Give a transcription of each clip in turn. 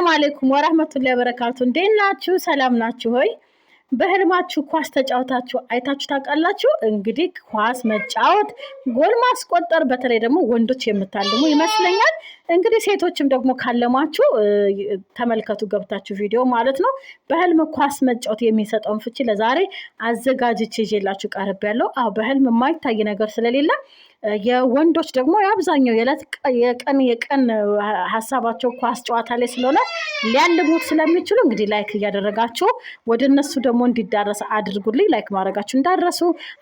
ሰላም አለይኩም ወራህመቱላሂ ወበረካቱ። እንዴት ናችሁ? ሰላም ናችሁ ሆይ? በህልማችሁ ኳስ ተጫወታችሁ አይታችሁ ታውቃላችሁ? እንግዲህ ኳስ መጫወት ጎል ማስቆጠር፣ በተለይ ደግሞ ወንዶች የምታልሙ ይመስለኛል። እንግዲህ ሴቶችም ደግሞ ካለማችሁ ተመልከቱ ገብታችሁ ቪዲዮ ማለት ነው። በህልም ኳስ መጫወት የሚሰጠውን ፍቺ ለዛሬ አዘጋጅቼ ይዤላችሁ ቀርቤያለሁ። አዎ በህልም የማይታይ ነገር ስለሌለ የወንዶች ደግሞ የአብዛኛው የዕለት የቀን የቀን ሀሳባቸው ኳስ ጨዋታ ላይ ስለሆነ ሊያልሙት ስለሚችሉ እንግዲህ ላይክ እያደረጋችሁ ወደ እነሱ ደግሞ እንዲዳረስ አድርጉልኝ። ላይክ ማድረጋችሁ እንዳረሱ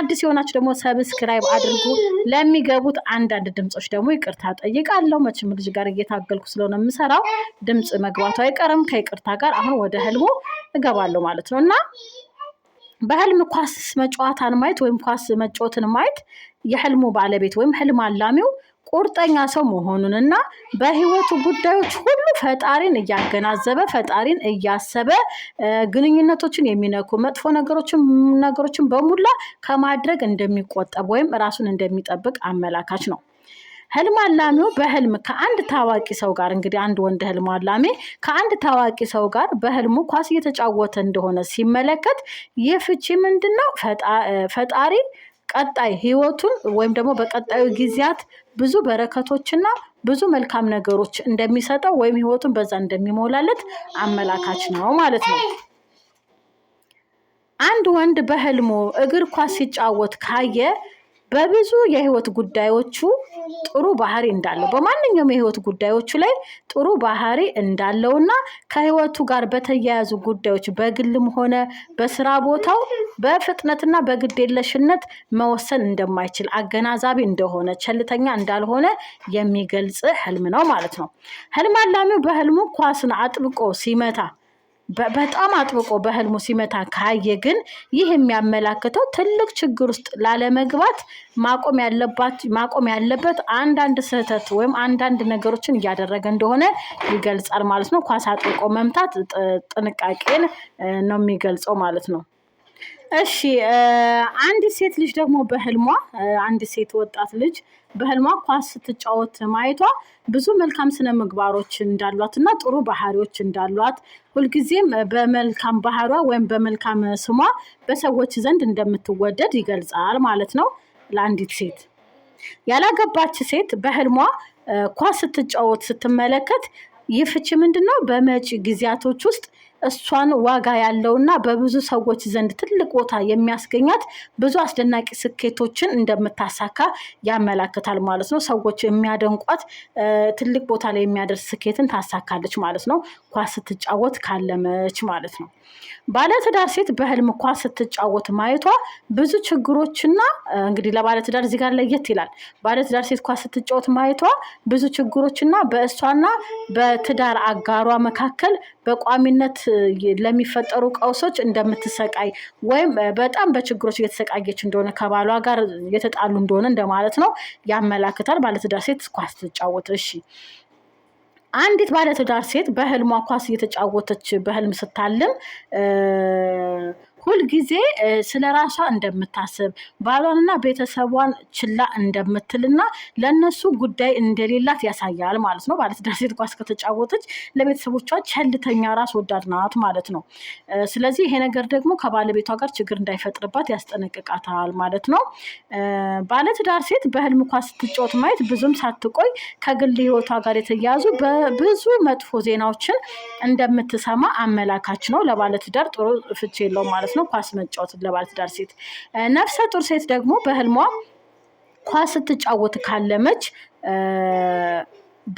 አዲስ የሆናችሁ ደግሞ ሰብስክራይብ አድርጉ። ለሚገቡት አንዳንድ ድምፆች ደግሞ ይቅርታ ጠይቃለሁ። መቼም ልጅ ጋር እየታገልኩ ስለሆነ የምሰራው ድምፅ መግባቱ አይቀርም። ከይቅርታ ጋር አሁን ወደ ህልሙ እገባለሁ ማለት ነው እና በህልም ኳስ መጫዋታን ማየት ወይም ኳስ መጫወትን ማየት የህልሙ ባለቤት ወይም ህልም አላሚው ቁርጠኛ ሰው መሆኑን እና በህይወቱ ጉዳዮች ሁሉ ፈጣሪን እያገናዘበ ፈጣሪን እያሰበ ግንኙነቶችን የሚነኩ መጥፎ ነገሮችን ነገሮችን በሙላ ከማድረግ እንደሚቆጠብ ወይም ራሱን እንደሚጠብቅ አመላካች ነው። ህልም አላሚው በህልም ከአንድ ታዋቂ ሰው ጋር እንግዲህ አንድ ወንድ ህልም አላሚ ከአንድ ታዋቂ ሰው ጋር በህልሙ ኳስ እየተጫወተ እንደሆነ ሲመለከት ይህ ፍቺ ምንድን ነው? ፈጣሪ ቀጣይ ህይወቱን ወይም ደግሞ በቀጣዩ ጊዜያት ብዙ በረከቶችና ብዙ መልካም ነገሮች እንደሚሰጠው ወይም ህይወቱን በዛ እንደሚሞላለት አመላካች ነው ማለት ነው። አንድ ወንድ በህልሙ እግር ኳስ ሲጫወት ካየ በብዙ የህይወት ጉዳዮቹ ጥሩ ባህሪ እንዳለው በማንኛውም የህይወት ጉዳዮቹ ላይ ጥሩ ባህሪ እንዳለውና ከህይወቱ ጋር በተያያዙ ጉዳዮች በግልም ሆነ በስራ ቦታው በፍጥነትና በግዴለሽነት መወሰን እንደማይችል አገናዛቢ እንደሆነ ቸልተኛ እንዳልሆነ የሚገልጽ ህልም ነው ማለት ነው። ህልም አላሚው በህልሙ ኳስን አጥብቆ ሲመታ በጣም አጥብቆ በህልሙ ሲመታ ካየ ግን ይህ የሚያመላክተው ትልቅ ችግር ውስጥ ላለመግባት ማቆም ያለበት አንዳንድ ስህተት ወይም አንዳንድ ነገሮችን እያደረገ እንደሆነ ይገልጻል ማለት ነው። ኳስ አጥብቆ መምታት ጥንቃቄን ነው የሚገልጸው ማለት ነው። እሺ አንድ ሴት ልጅ ደግሞ በህልሟ አንድ ሴት ወጣት ልጅ በህልሟ ኳስ ስትጫወት ማየቷ ብዙ መልካም ስነ ምግባሮች እንዳሏት እና ጥሩ ባህሪዎች እንዳሏት ሁልጊዜም በመልካም ባህሯ ወይም በመልካም ስሟ በሰዎች ዘንድ እንደምትወደድ ይገልጻል ማለት ነው። ለአንዲት ሴት ያላገባች ሴት በህልሟ ኳስ ስትጫወት ስትመለከት ይህ ፍቺ ምንድን ነው? በመጪ ጊዜያቶች ውስጥ እሷን ዋጋ ያለውና በብዙ ሰዎች ዘንድ ትልቅ ቦታ የሚያስገኛት ብዙ አስደናቂ ስኬቶችን እንደምታሳካ ያመላክታል ማለት ነው። ሰዎች የሚያደንቋት ትልቅ ቦታ ላይ የሚያደርስ ስኬትን ታሳካለች ማለት ነው። ኳስ ስትጫወት ካለመች ማለት ነው። ባለትዳር ሴት በህልም ኳስ ስትጫወት ማየቷ ብዙ ችግሮችና እንግዲህ ለባለትዳር እዚህ ጋር ለየት ይላል። ባለትዳር ሴት ኳስ ስትጫወት ማየቷ ብዙ ችግሮችና በእሷና በትዳር አጋሯ መካከል በቋሚነት ለሚፈጠሩ ቀውሶች እንደምትሰቃይ ወይም በጣም በችግሮች እየተሰቃየች እንደሆነ ከባሏ ጋር የተጣሉ እንደሆነ እንደማለት ነው ያመላክታል። ባለትዳር ሴት ኳስ ትጫወት። እሺ አንዲት ባለትዳር ሴት በህልሟ ኳስ እየተጫወተች በህልም ስታልም ሁልጊዜ ስለ ራሷ እንደምታስብ ባሏንና ቤተሰቧን ችላ እንደምትልና ለእነሱ ጉዳይ እንደሌላት ያሳያል ማለት ነው። ባለትዳር ሴት ኳስ ከተጫወተች ለቤተሰቦቿ ቸልተኛ ራስ ወዳድ ናት ማለት ነው። ስለዚህ ይሄ ነገር ደግሞ ከባለቤቷ ጋር ችግር እንዳይፈጥርባት ያስጠነቅቃታል ማለት ነው። ባለትዳር ሴት በህልም ኳስ ስትጫወት ማየት ብዙም ሳትቆይ ከግል ህይወቷ ጋር የተያያዙ በብዙ መጥፎ ዜናዎችን እንደምትሰማ አመላካች ነው። ለባለትዳር ጥሩ ፍቺ የለውም ማለት ነው። ማለት ነው ኳስ መጫወትን ለባለትዳር ሴት። ነፍሰ ጡር ሴት ደግሞ በህልሟ ኳስ ስትጫወት ካለመች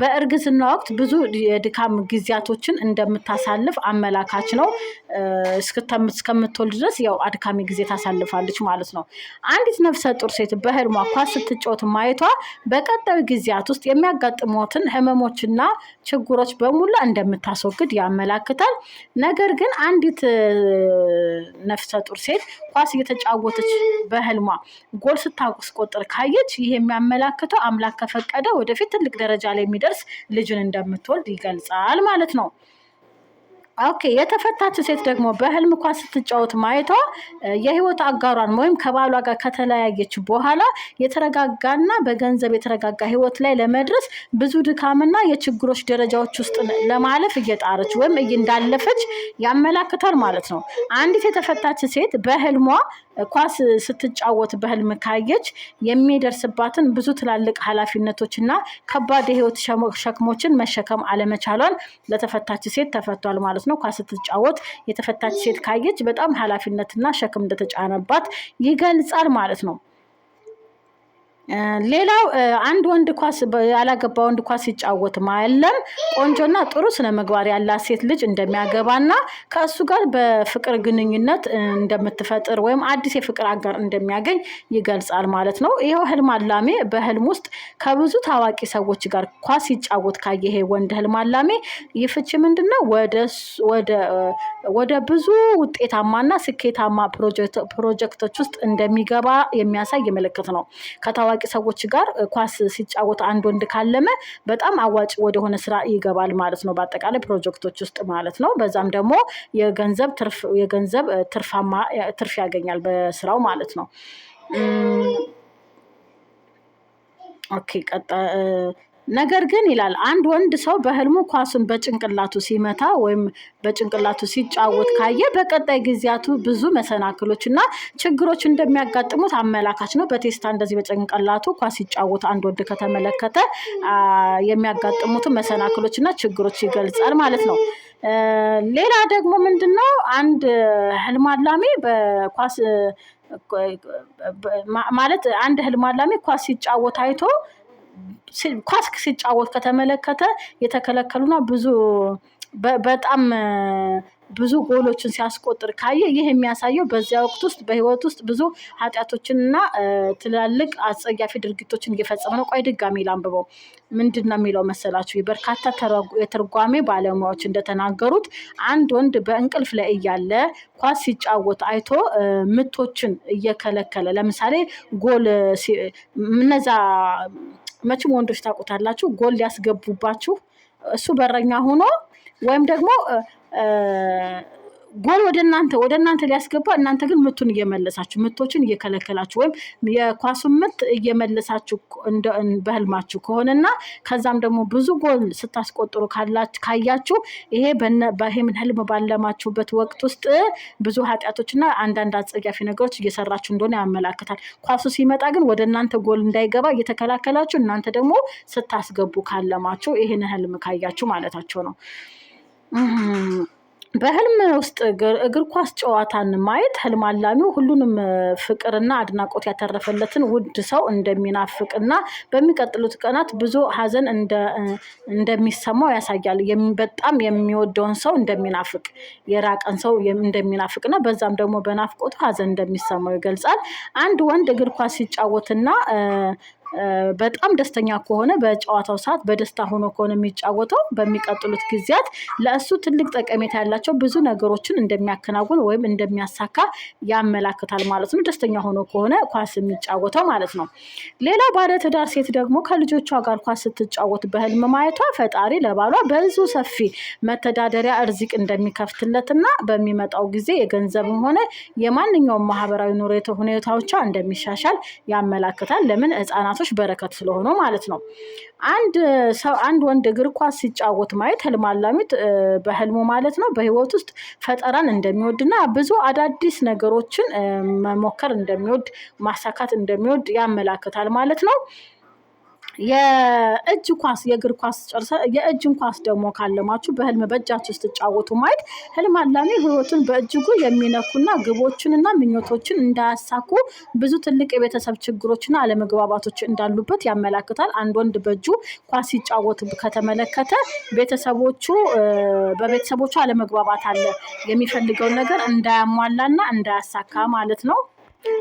በእርግዝና ወቅት ብዙ የድካም ጊዜያቶችን እንደምታሳልፍ አመላካች ነው። እስከምትወልድ ድረስ ያው አድካሚ ጊዜ ታሳልፋለች ማለት ነው። አንዲት ነፍሰ ጡር ሴት በህልሟ ኳስ ስትጫወት ማየቷ በቀጣዩ ጊዜያት ውስጥ የሚያጋጥሟትን ህመሞችና ችግሮች በሙላ እንደምታስወግድ ያመላክታል። ነገር ግን አንዲት ነፍሰ ጡር ሴት ኳስ እየተጫወተች በህልሟ ጎል ስታስቆጥር ካየች ይህ የሚያመላክተው አምላክ ከፈቀደ ወደፊት ትልቅ ደረጃ ላይ የሚ እንደሚደርስ ልጅን እንደምትወልድ ይገልጻል ማለት ነው። ኦኬ የተፈታች ሴት ደግሞ በህልም እንኳን ስትጫወት ማየቷ የህይወት አጋሯን ወይም ከባሏ ጋር ከተለያየች በኋላ የተረጋጋና በገንዘብ የተረጋጋ ህይወት ላይ ለመድረስ ብዙ ድካምና የችግሮች ደረጃዎች ውስጥ ለማለፍ እየጣረች ወይም እንዳለፈች ያመላክታል ማለት ነው። አንዲት የተፈታች ሴት በህልሟ ኳስ ስትጫወት በህልም ካየች የሚደርስባትን ብዙ ትላልቅ ኃላፊነቶች እና ከባድ የህይወት ሸክሞችን መሸከም አለመቻሏን ለተፈታች ሴት ተፈቷል ማለት ነው። ኳስ ስትጫወት የተፈታች ሴት ካየች በጣም ኃላፊነትና ሸክም እንደተጫነባት ይገልጻል ማለት ነው። ሌላው አንድ ወንድ ኳስ ያላገባ ወንድ ኳስ ሲጫወት ማለም ቆንጆና ጥሩ ስነ ምግባር ያላት ሴት ልጅ እንደሚያገባና ከእሱ ጋር በፍቅር ግንኙነት እንደምትፈጥር ወይም አዲስ የፍቅር አጋር እንደሚያገኝ ይገልጻል ማለት ነው። ይኸው ህልም አላሜ በህልም ውስጥ ከብዙ ታዋቂ ሰዎች ጋር ኳስ ሲጫወት ካየ ይሄ ወንድ ህልም አላሜ ይፍች ምንድን ነው? ወደ ብዙ ውጤታማና ስኬታማ ፕሮጀክቶች ውስጥ እንደሚገባ የሚያሳይ ምልክት ነው። ከታዋቂ ሰዎች ጋር ኳስ ሲጫወት አንድ ወንድ ካለመ በጣም አዋጭ ወደሆነ ስራ ይገባል ማለት ነው። በአጠቃላይ ፕሮጀክቶች ውስጥ ማለት ነው። በዛም ደግሞ የገንዘብ የገንዘብ ትርፋማ ትርፍ ያገኛል በስራው ማለት ነው። ኦኬ ቀጣ ነገር ግን ይላል አንድ ወንድ ሰው በህልሙ ኳሱን በጭንቅላቱ ሲመታ ወይም በጭንቅላቱ ሲጫወት ካየ በቀጣይ ጊዜያቱ ብዙ መሰናክሎች እና ችግሮች እንደሚያጋጥሙት አመላካች ነው። በቴስታ እንደዚህ በጭንቅላቱ ኳስ ሲጫወት አንድ ወንድ ከተመለከተ የሚያጋጥሙት መሰናክሎች እና ችግሮች ይገልጻል ማለት ነው። ሌላ ደግሞ ምንድን ነው አንድ ህልም አላሚ በኳስ ማለት አንድ ህልም አላሚ ኳስ ሲጫወት አይቶ ኳስ ሲጫወት ከተመለከተ የተከለከሉና ብዙ በጣም ብዙ ጎሎችን ሲያስቆጥር ካየ ይህ የሚያሳየው በዚያ ወቅት ውስጥ በህይወት ውስጥ ብዙ ኃጢአቶችንና ትላልቅ አጸያፊ ድርጊቶችን እየፈጸመ ነው። ቆይ ድጋሚ ላንብበው። ምንድን ነው የሚለው መሰላችሁ? በርካታ የትርጓሜ ባለሙያዎች እንደተናገሩት አንድ ወንድ በእንቅልፍ ላይ እያለ ኳስ ሲጫወት አይቶ ምቶችን እየከለከለ ለምሳሌ ጎል እነዛ መቼም ወንዶች ታውቁታላችሁ፣ ጎል ሊያስገቡባችሁ እሱ በረኛ ሆኖ ወይም ደግሞ ጎል ወደ እናንተ ወደ እናንተ ሊያስገባ እናንተ ግን ምቱን እየመለሳችሁ ምቶችን እየከለከላችሁ ወይም የኳሱን ምት እየመለሳችሁ በህልማችሁ ከሆነና ከዛም ደግሞ ብዙ ጎል ስታስቆጥሩ ካያችሁ ይሄ በምን ህልም ባለማችሁበት ወቅት ውስጥ ብዙ ኃጢአቶችና አንዳንድ አጸያፊ ነገሮች እየሰራችሁ እንደሆነ ያመላክታል። ኳሱ ሲመጣ ግን ወደ እናንተ ጎል እንዳይገባ እየተከላከላችሁ እናንተ ደግሞ ስታስገቡ ካለማችሁ ይህን ህልም ካያችሁ ማለታቸው ነው። በህልም ውስጥ እግር ኳስ ጨዋታን ማየት ህልም አላሚው ሁሉንም ፍቅርና አድናቆት ያተረፈለትን ውድ ሰው እንደሚናፍቅና በሚቀጥሉት ቀናት ብዙ ሀዘን እንደሚሰማው ያሳያል። በጣም የሚወደውን ሰው እንደሚናፍቅ፣ የራቀን ሰው እንደሚናፍቅና በዛም ደግሞ በናፍቆቱ ሀዘን እንደሚሰማው ይገልጻል። አንድ ወንድ እግር ኳስ ሲጫወትና በጣም ደስተኛ ከሆነ በጨዋታው ሰዓት በደስታ ሆኖ ከሆነ የሚጫወተው በሚቀጥሉት ጊዜያት ለእሱ ትልቅ ጠቀሜታ ያላቸው ብዙ ነገሮችን እንደሚያከናውን ወይም እንደሚያሳካ ያመላክታል ማለት ነው። ደስተኛ ሆኖ ከሆነ ኳስ የሚጫወተው ማለት ነው። ሌላ ባለ ትዳር ሴት ደግሞ ከልጆቿ ጋር ኳስ ስትጫወት በህልም ማየቷ ፈጣሪ ለባሏ ብዙ ሰፊ መተዳደሪያ እርዚቅ እንደሚከፍትለትና በሚመጣው ጊዜ የገንዘብም ሆነ የማንኛውም ማህበራዊ ኑሮ ሁኔታዎቿ እንደሚሻሻል ያመላክታል። ለምን ህጻናቱ ተጫዋቾች በረከት ስለሆኑ ማለት ነው። አንድ ሰው አንድ ወንድ እግር ኳስ ሲጫወት ማየት ህልም አላሚት በህልሙ ማለት ነው በህይወት ውስጥ ፈጠራን እንደሚወድና ብዙ አዳዲስ ነገሮችን መሞከር እንደሚወድ ማሳካት እንደሚወድ ያመላክታል ማለት ነው። የእጅ ኳስ የእግር ኳስ ጨርሰ የእጅን ኳስ ደግሞ ካለማችሁ በህልም በእጃችሁ ስትጫወቱ ማየት ህልም አላሚ ህይወቱን በእጅጉ የሚነኩና ግቦችንና ምኞቶችን እንዳያሳኩ ብዙ ትልቅ የቤተሰብ ችግሮችና አለመግባባቶች እንዳሉበት ያመላክታል። አንድ ወንድ በእጁ ኳስ ሲጫወት ከተመለከተ ቤተሰቦቹ በቤተሰቦቹ አለመግባባት አለ። የሚፈልገውን ነገር እንዳያሟላና እንዳያሳካ ማለት ነው።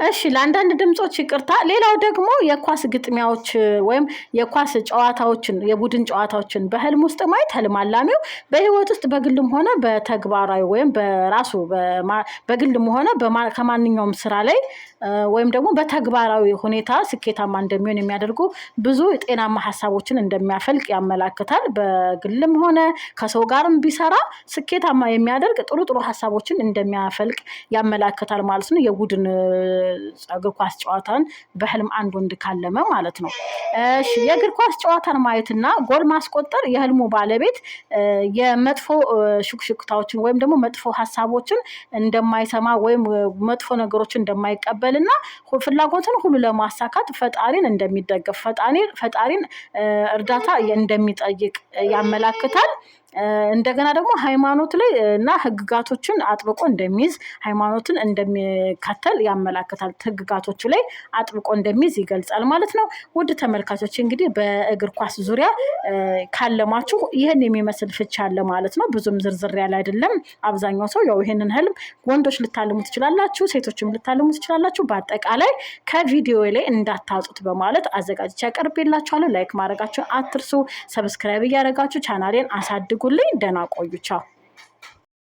እሺ ለአንዳንድ ድምፆች ይቅርታ። ሌላው ደግሞ የኳስ ግጥሚያዎች ወይም የኳስ ጨዋታዎችን የቡድን ጨዋታዎችን በህልም ውስጥ ማየት ህልም አላሚው በህይወት ውስጥ በግልም ሆነ በተግባራዊ ወይም በራሱ በግልም ሆነ ከማንኛውም ስራ ላይ ወይም ደግሞ በተግባራዊ ሁኔታ ስኬታማ እንደሚሆን የሚያደርጉ ብዙ ጤናማ ሀሳቦችን እንደሚያፈልቅ ያመላክታል። በግልም ሆነ ከሰው ጋርም ቢሰራ ስኬታማ የሚያደርግ ጥሩ ጥሩ ሀሳቦችን እንደሚያፈልቅ ያመላክታል ማለት ነው የቡድን እግር ኳስ ጨዋታን በህልም አንድ ወንድ ካለመ ማለት ነው። እሺ የእግር ኳስ ጨዋታን ማየትና ጎል ማስቆጠር የህልሙ ባለቤት የመጥፎ ሽክሽክታዎችን ወይም ደግሞ መጥፎ ሀሳቦችን እንደማይሰማ ወይም መጥፎ ነገሮችን እንደማይቀበልና ፍላጎትን ሁሉ ለማሳካት ፈጣሪን እንደሚደገፍ ፈጣሪን እርዳታ እንደሚጠይቅ ያመላክታል። እንደገና ደግሞ ሃይማኖት ላይ እና ህግጋቶችን አጥብቆ እንደሚይዝ ሃይማኖትን እንደሚከተል ያመላክታል። ህግጋቶች ላይ አጥብቆ እንደሚይዝ ይገልጻል ማለት ነው። ውድ ተመልካቾች እንግዲህ በእግር ኳስ ዙሪያ ካለማችሁ ይህን የሚመስል ፍቻ አለ ማለት ነው። ብዙም ዝርዝር ያለ አይደለም። አብዛኛው ሰው ያው ይህንን ህልም ወንዶች ልታልሙ ትችላላችሁ፣ ሴቶችም ልታልሙ ትችላላችሁ። በአጠቃላይ ከቪዲዮ ላይ እንዳታጡት በማለት አዘጋጅቼ ያቀርብላችኋለሁ። ላይክ ማድረጋችሁን አትርሱ። ሰብስክራይብ እያደረጋችሁ ቻናሌን አሳድጉ። አድርጉልኝ። ደህና ቆዩ። ቻው